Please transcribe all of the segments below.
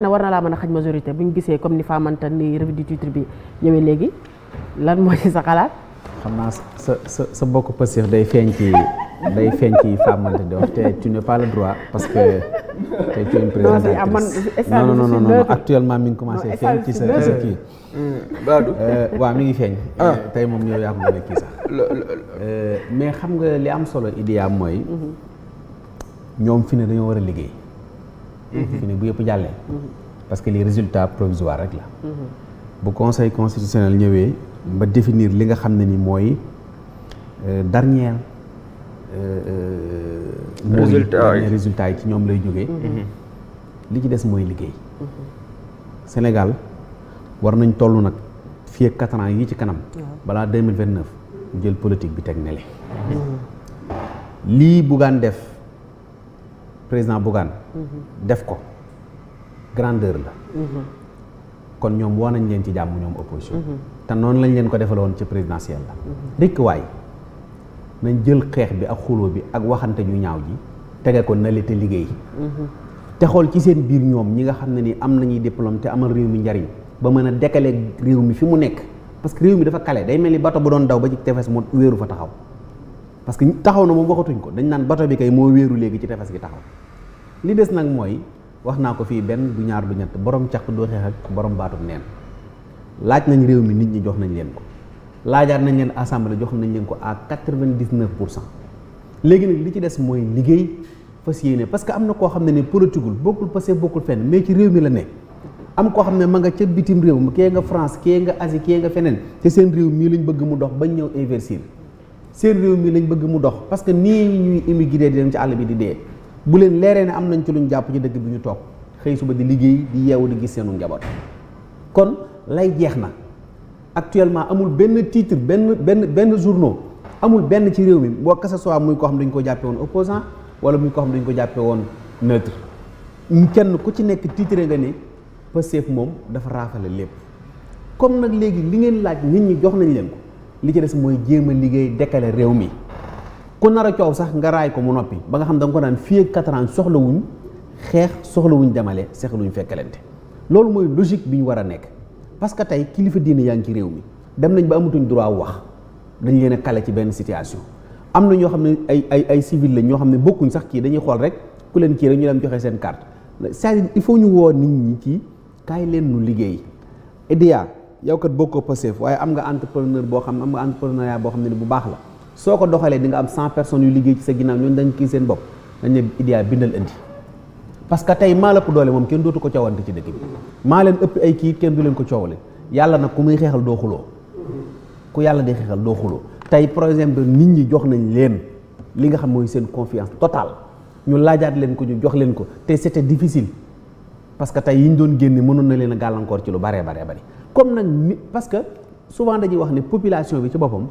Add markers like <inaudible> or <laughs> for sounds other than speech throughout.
na war na laa a xaj majorité bu ñu gisee comme ni Famanta ni revue du titre bi ñëwee léegi lan moo ci sa xam naa sa sa sa bokk Pastef day feeñ ci day feeñ ci Famanta di te tu n'as pas parce que tey tu es une ah, présentatrice actuellement mi ngi commencé feeñ ci sa ci sa mm, euh, ngi feeñ. Ah. Euh, tey moom yow a kii sax. Euh, mais xam nga li am solo idée mooy. Mm-hmm. ñoom fi ne dañoo war a liggéey. Mm-hmm. bu mm-hmm. parce que les résultats provisoires rek la mm-hmm. bu conseil constitutionnel ñëwee ba définir li nga xam ni mooy euh, dernière euh, euh, lay li ci Sénégal war nañ toll ak ans ci kanam politique bi teg président Bougane mhm. def ko grandeur la mhm. kon ñoom woo nañ leen ci jàmm ñoom opposition mhm. te noonu lañ leen ko defaloon woon président présidentielle la rekk nañ jël xeex bi ak xuloo bi ak waxante ñu ñaaw ji tege ko na te liggéey te xool ci seen biir ñoom ñi nga xam ne ni am nañuy diplôme te amal réew mi njariñ ba mën a dekkale réew mi fi mu nekk parce que réew mi dafa kale day mel ni bato bu doon daw ba ci tefes mu wéeru fa taxaw parce que taxaw na moom waxatuñ ko dañ naan bato bi kay moo wéeru léegi ci tefes gi taxaw li des nag mooy wax naa ko fii benn du ñaar bu ñett borom caq doo xeex ak borom baatub neen laaj nañ réew mi nit ñi jox nañ leen ko laajaat nañ leen assemblée jox nañ leen ko à quatre-vingt-dix-neuf pour cent léegi nag li ci des mooy liggéey fas yéene parce que am na koo xam ne ne politigul bokkul passé bokkul fenn mais ci réew mi la ne am koo xam ne ma nga ca bitim réew kee nga France kee nga Asie nga feneen te seen réew mii lañ bëgg mu dox bañ ñëw investir seen réew mi lañ bëgg mu dox parce que nii ñuy émigré di dem ci àll bi di dee bu leen leeree ne am nañ ci lu ñu jàpp ci dëkk bi ñu toog xëy suba di liggéey di yeewu di gis seenu njaboot kon lay jeex na actuellement amul benn titre benn benn benn journaux amul benn ci réew mi boo que ce muy ko xam dañ ko jàppe woon opposant wala muy ko xam dañ ko jàppe woon neutre kenn ku ci nekk titre nga ne Pastef moom dafa raafale lépp comme nag léegi li ngeen laaj nit ñi jox nañ leen ko li ci des mooy jéem a liggéey dekkale réew mi ku nar a coow sax nga raay ko mu noppi ba nga xam da nga ko naan fii ak quatre ans soxlawuñ xeex soxlawuñ demale fekk fekkalante loolu mooy logique bi ñu war a nekk parce que tey kilifa diine yaa ngi ci réew mi dem nañ ba amatuñ droit wax dañu leen a kale ci benn situation am na ñoo xam ne ay ay ay civil lañ ñoo xam ne bokkuñ sax kii dañuy xool rek ku leen kii rek ñu dem joxee seen carte c'est-à-dire il faut ñu woo nit ñi ci kaay leen nu liggéey EDEA yow kat bokkoo Pastef waaye am nga entrepreneur boo xam ne am nga entrepreneuriat xam ne bu baax la soo ko doxalee di am san personnes yu liggéey ci sa ginnaaw ñooñu dañ kii seen bopp dañ ne idéal bindal indi parce que tey maa la ëpp doole moom kenn dootu ko coowante ci dëkk bi maa leen ëpp ay kii kenn du leen ko coowale yàlla nag ku muy xeexal doo xuloo ku yàlla di xeexal doo xuloo tey par exemple nit ñi jox nañ leen li nga xam mooy seen confiance total ñu laajaat leen ko ñu jox leen ko te c'était difficile parce que tey yi ñu doon génne mënoon na leen a gàllankoor ci lu baree baree bari comme nag ni parce que souvent dañuy wax ne population bi ci boppam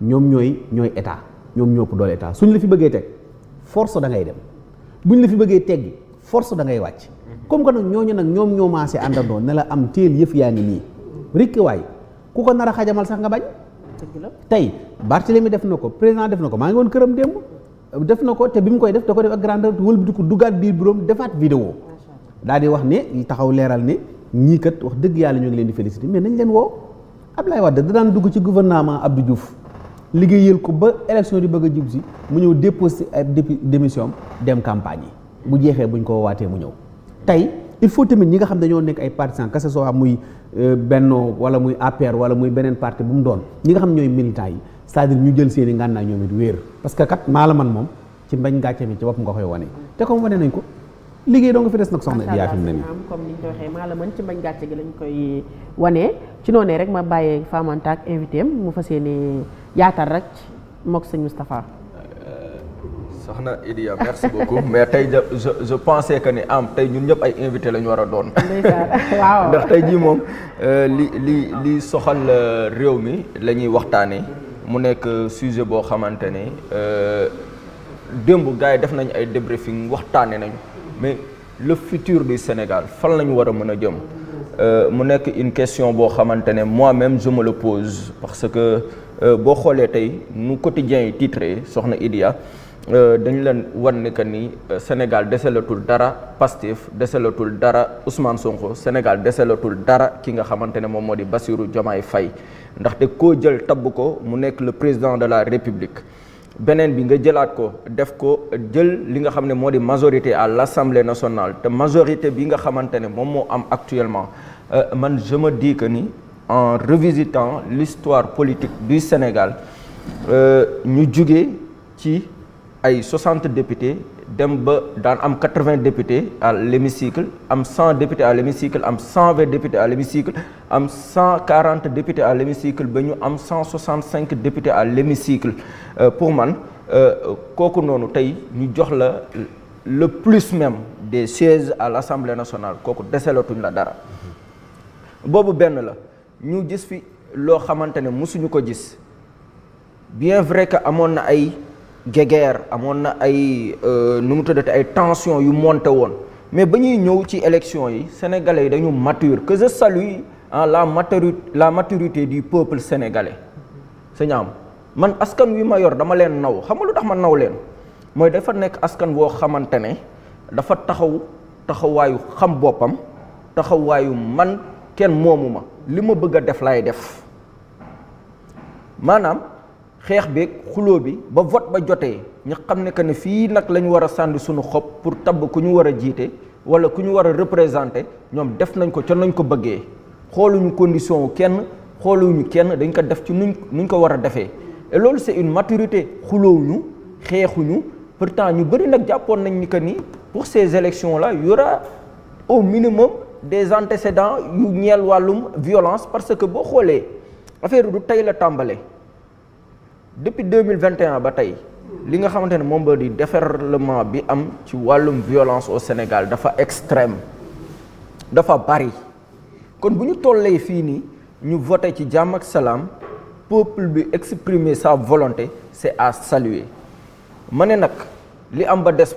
ñoom ñooy ñooy état ñoom ñoo ëpp doole état suñ la fi bëggee teg force da ngay dem buñ la fi bëggee teggi force da wàcc. comme que nag ñooñu nag ñoom ñoo maasee àndandoo ne la am téel yëf yaa ngi nii rikki waay ku ko nar a xajamal sax nga bañ. tey mi def na ko président def na ko maa ngi woon këram démb def na ko te bi mu koy def da ko def ak grandeur wëlbatiku dugaat biir buróom defaat vidéo daal di wax ne taxaw leeral ne. ñii kat wax dëgg yàlla ñoo ngi leen di félicité mais nañ leen woo Abdoulaye Wade da daan dugg ci gouvernement Abdou Diouf liggéeyal ko ba élection di bëgg a jub mu ñëw déposé ay démission dem campagne yi bu jeexee buñ ko waatee mu ñëw tey il faut tamit ñi nga xam ne dañoo nekk ay partisans que ce soit muy euh, Benno wala muy APR wala muy beneen parti bu mu doon ñi nga xam ñooy militants yi saa à dire ñu jël seen i ngànnaay ñoom it wéer parce que kat maa la man moom ci mbañ gàcce mi ci bopp nga koy wane te ko liggéey doo nga fi des nag soxna Dia fi mu ne nii comme ni ñu ci mbañ gàcce gi lañ koy wane ci noonee rek ma bàyyee Famanta ak invité am mu fas yéene yaatal rek mook sëñ Moustapha euh, soxna Idia merci beaucoup <laughs> mais tey je je pensais que ni am tey ñun ñëpp ay invité la ñu war a doon <laughs> waaw ndax tey jii moom euh, li li li soxal euh, réew mi la ñuy waxtaanee mu nekk sujet boo xamante ni démb gars yi def nañ ay débriefing waxtaane nañu mais le futur du Sénégal fan voir euh, une question moi-même je me le pose parce que euh, beaucoup quotidien le titré sur Idia euh, dañu dans Sénégal deselatul dara dara Ousmane Sonko Sénégal dara ki nga ne Faye le président de la République benen bi nga jëlaat ko def ko jël li nga di majorité à l'Assemblée nationale te majorité bi nga xamante ne moom am actuellement euh, man je me dis que ni en revisitant l'histoire politique du Sénégal euh, ñu jugee ci ay 60 députés il dans 80 députés à l'hémicycle 100 députés à l'hémicycle 120 députés à l'hémicycle 140 députés à l'hémicycle 165 députés à l'hémicycle euh, pour moi, euh, koku nonou tay le plus même des sièges à l'Assemblée nationale koku la bobu ben la ñu gis fi lo ko gis bien vrai que à ay il amon na ay euh, ay tension yu monté won mais ba ñëw ci élection sénégalais dañu mature que je salue hein, la maturité du peuple sénégalais señam man askan wi ma yor dama len naw xam lu ma naw askan wo xamantene dafa taxaw taxawayu xam bopam man ken moomu ma bëgg def def manam xeex beeg xuloo bi ba vote ba jotee ñu xam ne que ne fii nag la ñu war a sànni suñu xob pour tabb ku ñu war a jiite wala ku ñu war a représenté ñoom def nañ ko ca nañ ko bëggee xooluñu condition kenn xooluñu kenn dañ ko def ci nuñ nuñ ko war a defee et loolu c'est une maturité xuloowuñu xeexuñu pourtant ñu bëri nag jàppoon nañ ni que ni pour ces élections là y aura au minimum des antécédents yu ñeel wàllum violence parce que boo xoolee affaire du tey la tàmbale depuis 2021, la am violence au Sénégal dafa extrême dafa bari kon Quand nous avons fini, nous ñu voté ci peuple bi exprimer sa volonté c'est à saluer Je nak que li am ba dess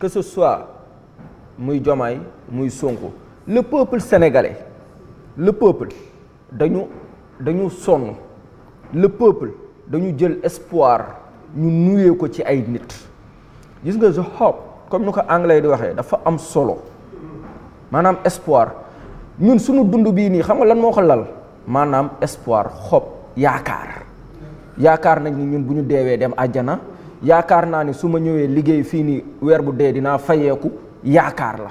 que ce soit muy le peuple sénégalais le peuple dañu dañu sonn le peuple dañu jël espoir ñu nuyé ko ci ay nit gis nga the hope comme ni anglais di waxee dafa am solo manam espoir ñun suñu dund bi ni xam nga lan moo ko lal espoir xob yaakar yaakar nañ ni ñun buñu déwé dem aljana yaakar n'a ni suma ñëwé ñëwee liggéey fii nii bu dé dina fayéku yaakar la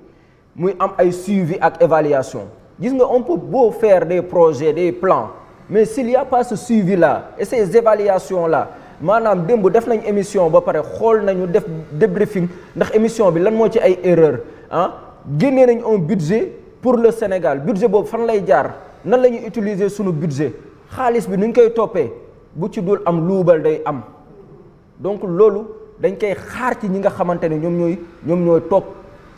Nous avons un suivi une évaluation on peut beau faire des projets des plans mais s'il n'y a pas ce suivi là et ces évaluations là maanaam vous def nañ émission ba va un débriefing émission bi lan une erreur ah? un budget pour le Sénégal budget est fan lay nan utilisé utiliser budget donc dañ koy xaar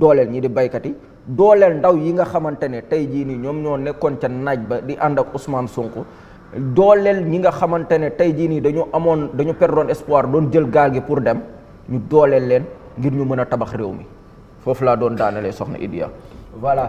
dooleel ñi di baykat yi dooleel ndaw yi nga xamante ne tey jii nii ñoom ñoo nekkoon ca naaj ba di ànd ak Ousmane Sonko dooleel ñi nga xamante ne tey jii nii dañu amoon dañu perdre espoir doon jël gaal gi pour dem ñu dooleel leen ngir ñu mën a tabax réew mi foofu laa doon daanalee soxna Idia voilà.